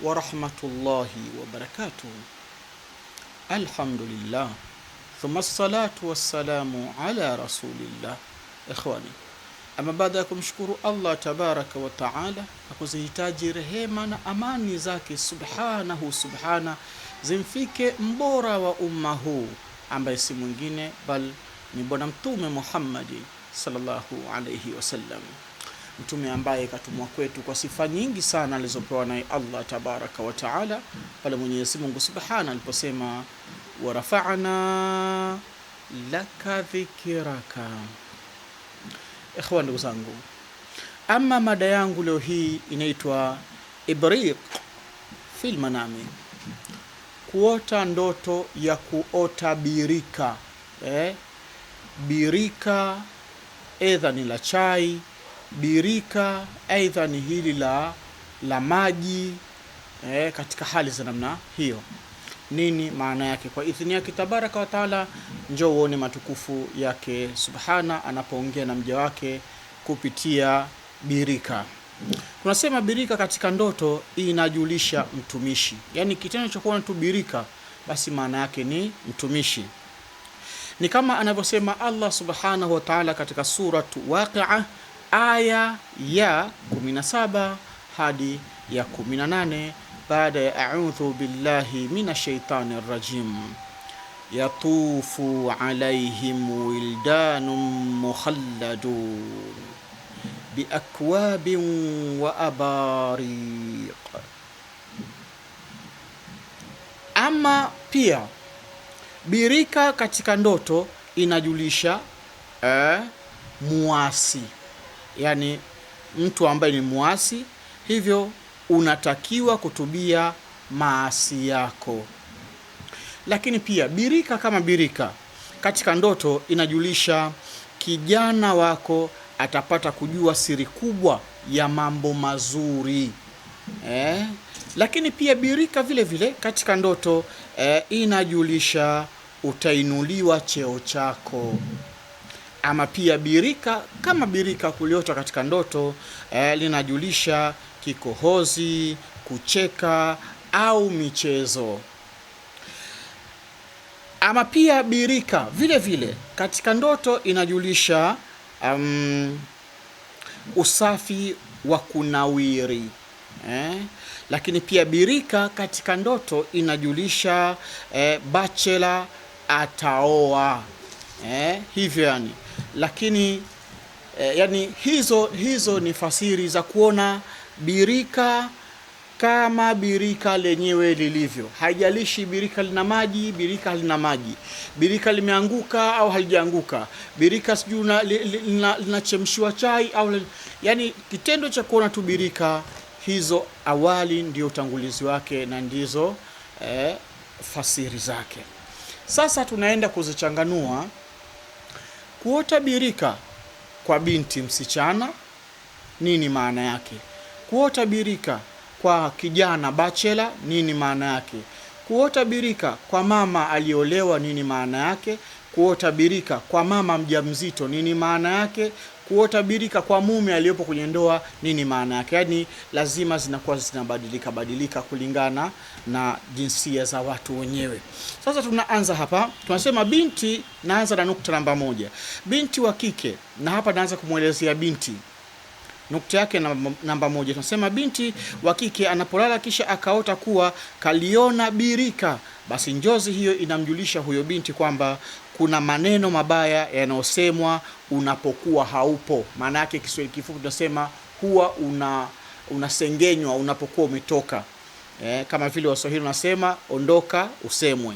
wa rahmatullahi wa barakatuh. Alhamdulillah thumma assalatu wassalamu ala rasulillah. Ikhwani, ama baada ya kumshukuru Allah tabaraka wa taala na kuzihitaji rehema na amani zake subhanahu subhana zimfike mbora wa umma huu ambaye si mwingine bal ni Bwana Mtume Muhammadi sallallahu alayhi wasallam mtume ambaye katumwa kwetu kwa sifa nyingi sana alizopewa naye Allah tabaraka wa taala, pale Mwenyezi Mungu subhana aliposema wa rafa'na laka dhikraka. ndugu zangu, ama mada yangu leo hii inaitwa ibriq fil manami, kuota ndoto ya kuota birika eh, birika edha ni la chai birika, aidha ni hili la, la maji eh, katika hali za namna hiyo. Nini maana yake? Kwa idhini yake tabaraka wa taala, njoo uone matukufu yake subhana anapoongea na mja wake kupitia birika. Tunasema birika katika ndoto inajulisha mtumishi, yaani kitendo cha kuona tu birika, basi maana yake ni mtumishi. Ni kama anavyosema Allah subhanahu wa taala katika suratu Waqia aya ya 17 hadi ya 18 baada ya a'udhu billahi minash rajim yatufu alaihim wildanun mukhalladun biakwabin wa abariq. Ama pia birika katika ndoto inajulisha eh, muasi yani mtu ambaye ni muasi, hivyo unatakiwa kutubia maasi yako. Lakini pia birika kama birika katika ndoto inajulisha kijana wako atapata kujua siri kubwa ya mambo mazuri eh? Lakini pia birika vile vile katika ndoto eh, inajulisha utainuliwa cheo chako ama pia birika kama birika kuliota katika ndoto eh, linajulisha kikohozi, kucheka au michezo. Ama pia birika vile vile katika ndoto inajulisha um, usafi wa kunawiri eh? Lakini pia birika katika ndoto inajulisha eh, bachela ataoa eh, hivyo yani, lakini eh, yani hizo hizo ni fasiri za kuona birika kama birika lenyewe lilivyo. Haijalishi birika lina maji, birika lina maji, birika limeanguka au halijaanguka, birika sijui linachemshiwa chai au, yani kitendo cha kuona tu birika hizo, awali ndio utangulizi wake na ndizo eh, fasiri zake. Sasa tunaenda kuzichanganua birika kwa binti msichana, nini maana yake? Kuotabirika kwa kijana bachela, nini maana yake? Kuotabirika kwa mama aliolewa, nini maana yake? Kuotabirika kwa mama mjamzito, nini maana yake? kuotabirika kwa mume aliyopo kwenye ndoa, nini maana yake? Yaani lazima zinakuwa zinabadilika badilika kulingana na jinsia za watu wenyewe. Sasa tunaanza hapa, tunasema binti, naanza na nukta namba moja, binti wa kike, na hapa naanza kumwelezea binti nukta yake namba moja, tunasema binti wa kike anapolala kisha akaota kuwa kaliona birika, basi njozi hiyo inamjulisha huyo binti kwamba kuna maneno mabaya yanayosemwa unapokuwa haupo. Maana yake Kiswahili kifupi tunasema huwa una unasengenywa unapokuwa umetoka. Eh, kama vile Waswahili unasema ondoka usemwe.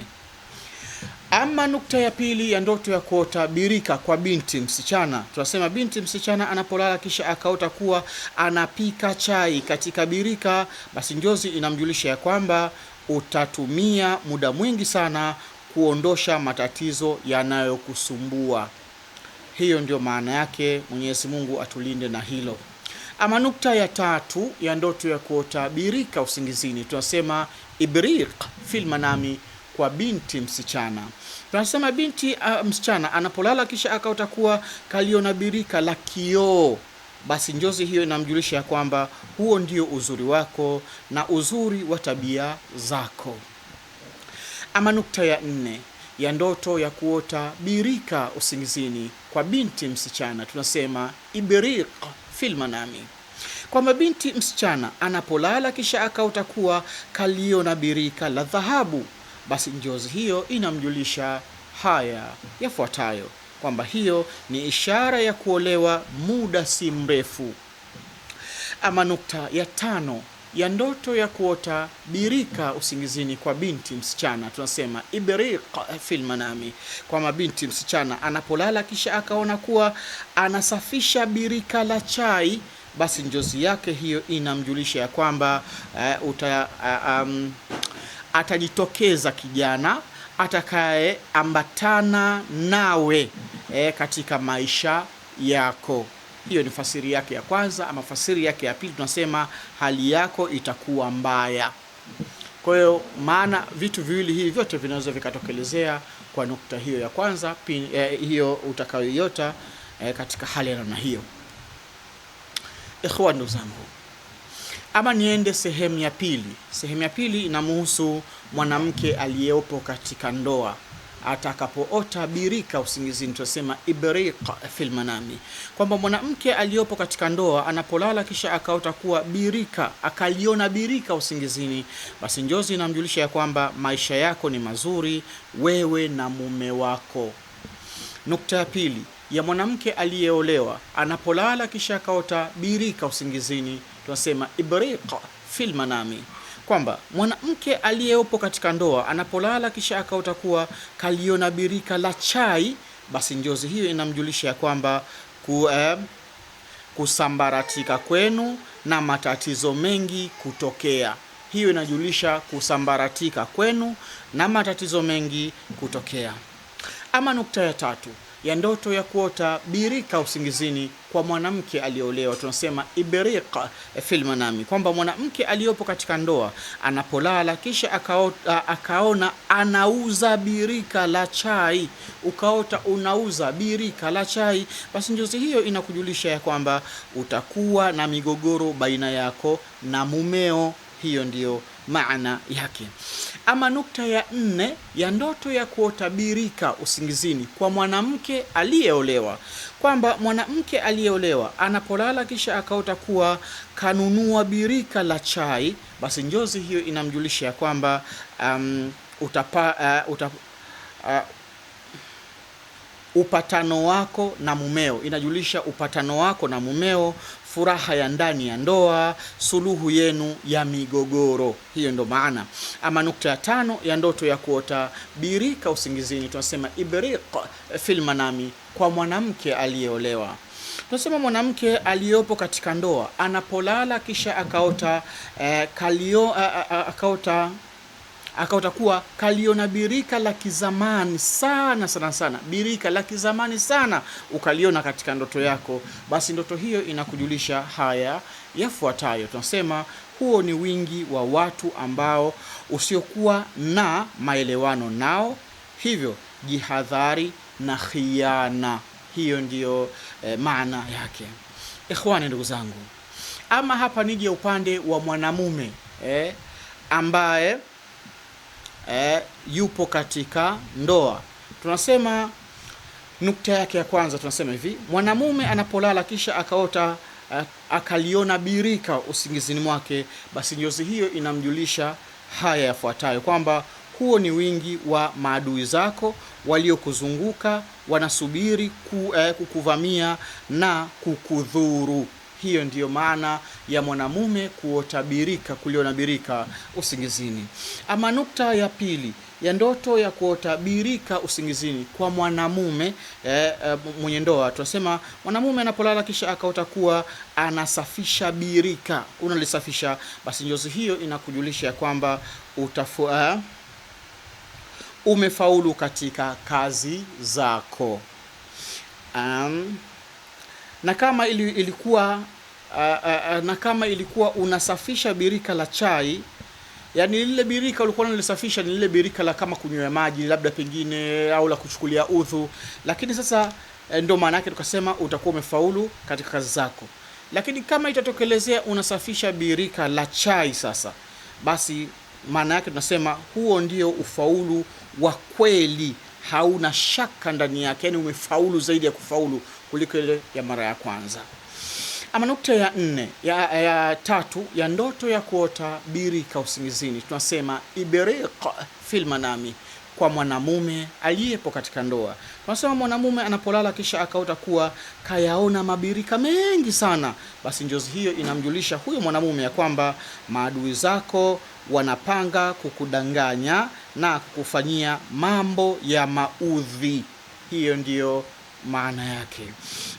Ama nukta ya pili ya ndoto ya kuota birika kwa binti msichana, tunasema binti msichana anapolala kisha akaota kuwa anapika chai katika birika, basi njozi inamjulisha ya kwamba utatumia muda mwingi sana kuondosha matatizo yanayokusumbua. Hiyo ndio maana yake. Mwenyezi Mungu atulinde na hilo. Ama nukta ya tatu ya ndoto ya kuotabirika usingizini, tunasema ibriq fil manami kwa binti msichana. Tunasema binti uh, msichana anapolala kisha akaota kuwa kaliona birika la kioo, basi njozi hiyo inamjulisha ya kwamba huo ndio uzuri wako na uzuri wa tabia zako. Ama nukta ya nne ya ndoto ya kuota birika usingizini kwa binti msichana, tunasema ibiriq fil manami, kwamba binti msichana anapolala kisha akaota kuwa kalio na birika la dhahabu, basi njozi hiyo inamjulisha haya yafuatayo, kwamba hiyo ni ishara ya kuolewa muda si mrefu. Ama nukta ya tano ya ndoto ya kuota birika usingizini kwa binti msichana, tunasema ibriq fil manami, kwa mabinti msichana anapolala kisha akaona kuwa anasafisha birika la chai, basi njozi yake hiyo inamjulisha ya kwamba uh, uta, uh, um, atajitokeza kijana atakaye ambatana nawe eh, katika maisha yako. Hiyo ni fasiri yake ya kwanza. Ama fasiri yake ya pili tunasema hali yako itakuwa mbaya. Kwa hiyo maana vitu viwili hivi vyote vinaweza vikatokelezea kwa nukta hiyo ya kwanza pin, eh, hiyo utakayoiota eh, katika hali ya namna hiyo. Ikhwan, ndugu zangu, ama niende sehemu ya pili. Sehemu ya pili inamhusu mwanamke aliyepo katika ndoa atakapoota birika usingizini, tunasema ibriq fil manami, kwamba mwanamke aliyopo katika ndoa anapolala kisha akaota kuwa birika, akaliona birika usingizini, basi njozi inamjulisha ya kwamba maisha yako ni mazuri, wewe na mume wako. Nukta ya pili ya mwanamke aliyeolewa anapolala kisha akaota birika usingizini, tunasema ibriq fil manami kwamba mwanamke aliyeopo katika ndoa anapolala kisha akaota kuwa kaliona birika la chai, basi njozi hiyo inamjulisha ya kwamba ku, eh, kusambaratika kwenu na matatizo mengi kutokea. Hiyo inajulisha kusambaratika kwenu na matatizo mengi kutokea. Ama nukta ya tatu ya ndoto ya kuota birika usingizini kwa mwanamke aliyeolewa, tunasema ibriq fil manami, kwamba mwanamke aliyopo katika ndoa anapolala kisha akaota, akaona anauza birika la chai, ukaota unauza birika la chai, basi njozi hiyo inakujulisha ya kwamba utakuwa na migogoro baina yako na mumeo. Hiyo ndiyo maana yake. Ama nukta ya nne ya ndoto ya kuotabirika usingizini kwa mwanamke aliyeolewa, kwamba mwanamke aliyeolewa anapolala kisha akaota kuwa kanunua birika la chai, basi njozi hiyo inamjulisha ya kwamba um, utapa, uh, utap, uh, upatano wako na mumeo, inajulisha upatano wako na mumeo furaha ya ndani ya ndoa, suluhu yenu ya migogoro. Hiyo ndo maana ama nukta ya tano ya ndoto ya kuota birika usingizini, tunasema ibriq fil manami, kwa mwanamke aliyeolewa tunasema mwanamke aliyopo katika ndoa anapolala kisha akaota eh, kalio, eh, eh, eh, akaota akaota kuwa kaliona birika la kizamani sana sana sana, birika la kizamani sana, ukaliona katika ndoto yako, basi ndoto hiyo inakujulisha haya yafuatayo. Tunasema huo ni wingi wa watu ambao usiokuwa na maelewano nao, hivyo jihadhari na khiana. Hiyo ndiyo eh, maana yake ikhwani, ndugu zangu. Ama hapa nije upande wa mwanamume eh, ambaye eh, yupo katika ndoa. Tunasema nukta yake ya kwanza, tunasema hivi, mwanamume anapolala kisha akaota eh, akaliona birika usingizini mwake, basi njozi hiyo inamjulisha haya yafuatayo kwamba huo ni wingi wa maadui zako waliokuzunguka wanasubiri ku, eh, kukuvamia na kukudhuru. Hiyo ndiyo maana ya mwanamume kuotabirika, kulionabirika usingizini. Ama nukta ya pili ya ndoto ya kuotabirika usingizini kwa mwanamume eh, eh mwenye ndoa, tunasema mwanamume anapolala kisha akaota kuwa anasafisha birika, unalisafisha basi, njozi hiyo inakujulisha ya kwamba utafua eh, umefaulu katika kazi zako. um, na kama ilikuwa a, a, na kama ilikuwa unasafisha birika la chai, yani lile birika ulikuwa unalisafisha ni lile birika la kama kunywa maji labda pengine au la kuchukulia udhu, lakini sasa eh, ndio maana yake tukasema utakuwa umefaulu katika kazi zako. Lakini kama itatokelezea unasafisha birika la chai sasa, basi maana yake tunasema huo ndio ufaulu wa kweli hauna shaka ndani yake, yani umefaulu zaidi ya kufaulu kuliko ile ya mara ya kwanza. Ama nukta ya nne ya, ya tatu ya ndoto ya kuota birika usingizini, tunasema iberiq fil manami, kwa mwanamume aliyepo katika ndoa. Tunasema mwanamume anapolala kisha akaota kuwa kayaona mabirika mengi sana, basi njozi hiyo inamjulisha huyo mwanamume ya kwamba maadui zako wanapanga kukudanganya na kukufanyia mambo ya maudhi. Hiyo ndiyo maana yake.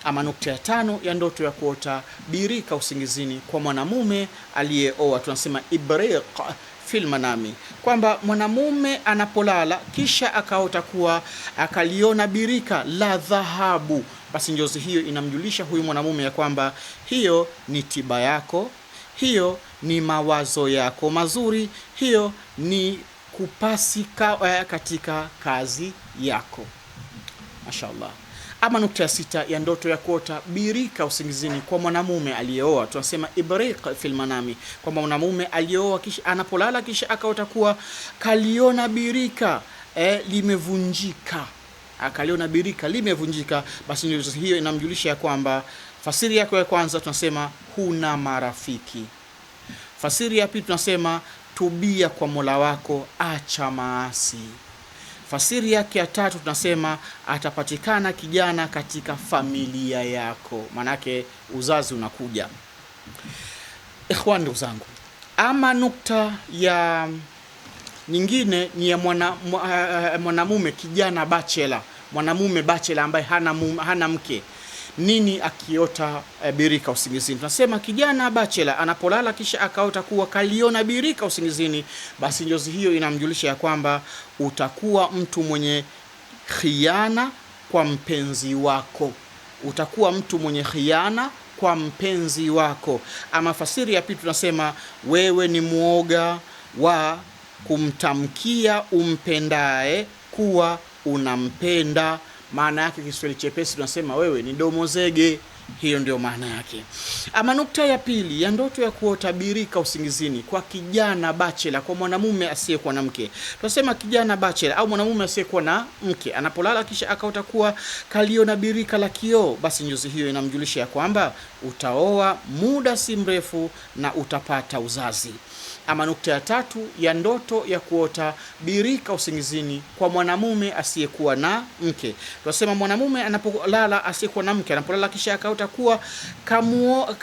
Ama nukta ya tano ya ndoto ya kuota birika usingizini kwa mwanamume aliyeoa, tunasema ibriq fil manami, kwamba mwanamume anapolala kisha akaota kuwa akaliona birika la dhahabu, basi njozi hiyo inamjulisha huyu mwanamume ya kwamba hiyo ni tiba yako, hiyo ni mawazo yako mazuri, hiyo ni kupasika eh, katika kazi yako. Mashaallah. Ama nukta ya sita ya ndoto ya kuota birika usingizini kwa mwanamume aliyeoa, tunasema ibriq fil manami, kwamba mwanamume aliyeoa kisha anapolala kisha akaota kuwa kaliona birika eh, limevunjika, akaliona birika limevunjika, basi ndio hiyo inamjulisha ya kwamba fasiri yako ya kwanza tunasema huna marafiki. Fasiri ya pili tunasema tubia kwa Mola wako, acha maasi. Fasiri yake ya tatu tunasema atapatikana kijana katika familia yako, maanake uzazi unakuja. Ikhwan, ndugu zangu, ama nukta ya nyingine ni ya eh, eh, mwanamume mwana kijana bachela, mwanamume bachela ambaye hana, hana mke nini akiota e, birika usingizini. Tunasema kijana bachela anapolala kisha akaota kuwa kaliona birika usingizini, basi njozi hiyo inamjulisha ya kwamba utakuwa mtu mwenye khiana kwa mpenzi wako, utakuwa mtu mwenye khiana kwa mpenzi wako. Ama fasiri ya pili tunasema wewe ni mwoga wa kumtamkia umpendaye kuwa unampenda maana yake Kiswahili chepesi tunasema wewe ni domo zege. Hiyo ndio maana yake. Ama nukta ya pili ya ndoto ya kuotabirika usingizini kwa kijana bachela, kwa mwanamume asiyekuwa na mke. Tunasema kijana bachela au mwanamume asiyekuwa na mke anapolala kisha akaota kuwa kaliona birika la kioo, basi njozi hiyo inamjulisha ya kwamba utaoa muda si mrefu na utapata uzazi ama nukta ya tatu ya ndoto ya kuota birika usingizini kwa mwanamume asiyekuwa na mke. Tunasema mwanamume anapolala asiyekuwa na mke, anapolala kisha akaota kuwa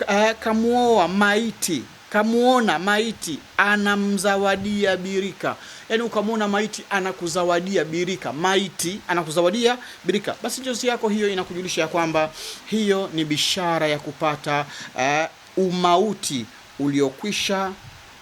eh, kamuoa uh, maiti kamuona maiti anamzawadia birika, yaani ukamwona maiti anakuzawadia birika, maiti anakuzawadia birika, basi njozi yako hiyo inakujulisha ya kwamba hiyo ni bishara ya kupata uh, umauti uliokwisha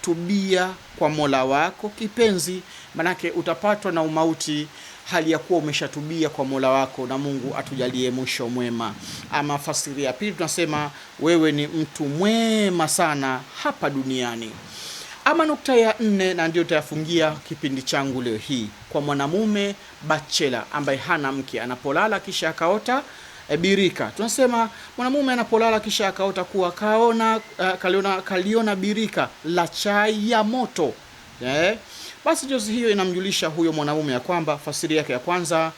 tubia kwa Mola wako kipenzi, manake utapatwa na umauti hali ya kuwa umeshatubia kwa Mola wako, na Mungu atujalie mwisho mwema. Ama fasiri ya pili tunasema wewe ni mtu mwema sana hapa duniani. Ama nukta ya nne, na ndio itayafungia kipindi changu leo hii, kwa mwanamume bachela ambaye hana mke, anapolala kisha akaota e, birika. Tunasema mwanamume anapolala kisha akaota kuwa kaona, uh, kaliona, kaliona birika la chai ya moto yeah. Basi jozi hiyo inamjulisha huyo mwanamume ya kwamba, fasiri yake ya kwanza,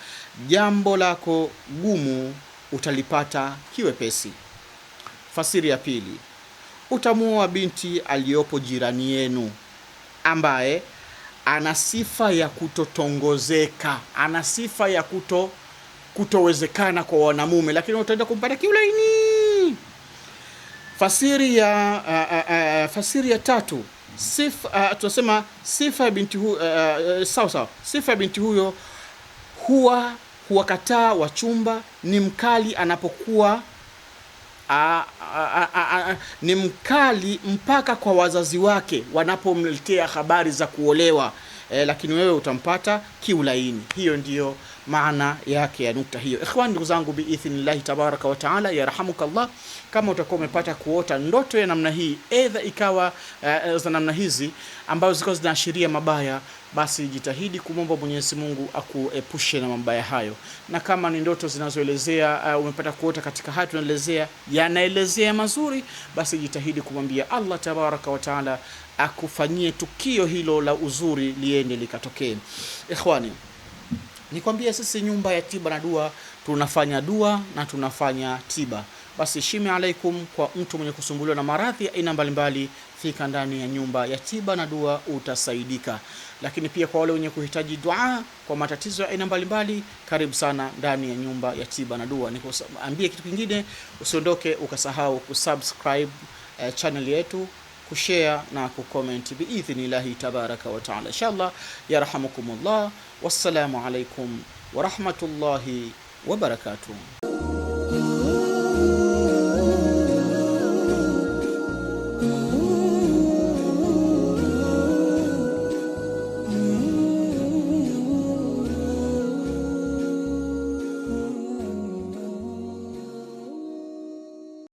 jambo lako gumu utalipata kiwepesi. Fasiri ya pili, utamuoa binti aliyopo jirani yenu ambaye ana sifa ya kutotongozeka, ana sifa ya kuto kutowezekana kwa wanamume, lakini utaenda kumpata kiulaini. Fasiri ya a, a, a, fasiri ya tatu sif, a, tunasema sifa ya binti huyo sawa sawa, sifa ya binti huyo huwa huwakataa wachumba, ni mkali anapokuwa a, a, a, a, ni mkali mpaka kwa wazazi wake wanapomletea habari za kuolewa e, lakini wewe utampata kiulaini. Hiyo ndiyo maana yake ya nukta hiyo. Ikhwan, ndugu zangu, biidhnillahi tabaraka wa taala, yarhamukallah, kama utakuwa umepata kuota ndoto ya namna hii, edha ikawa uh, za namna hizi ambazo zikawa zinaashiria mabaya, basi jitahidi kumwomba Mwenyezi Mungu akuepushe na mabaya hayo, na kama ni ndoto zinazoelezea uh, umepata kuota katika hayo tunaelezea yanaelezea mazuri, basi jitahidi kumwambia Allah tabaraka wa taala akufanyie tukio hilo la uzuri liende likatokee. Ikhwani Nikwambie sisi nyumba ya tiba na dua tunafanya dua na tunafanya tiba. Basi shime alaikum kwa mtu mwenye kusumbuliwa na maradhi ya aina mbalimbali, fika ndani ya nyumba ya tiba na dua utasaidika. Lakini pia kwa wale wenye kuhitaji dua kwa matatizo ya aina mbalimbali, karibu sana ndani ya nyumba ya tiba na dua. Nikuambie kitu kingine, usiondoke ukasahau kusubscribe eh, channel yetu kushare na kucomment biidhnillahi tabaraka wa taala. Inshallah, yarhamukumullah. Wassalamu alaikum warahmatullahi wabarakatuh.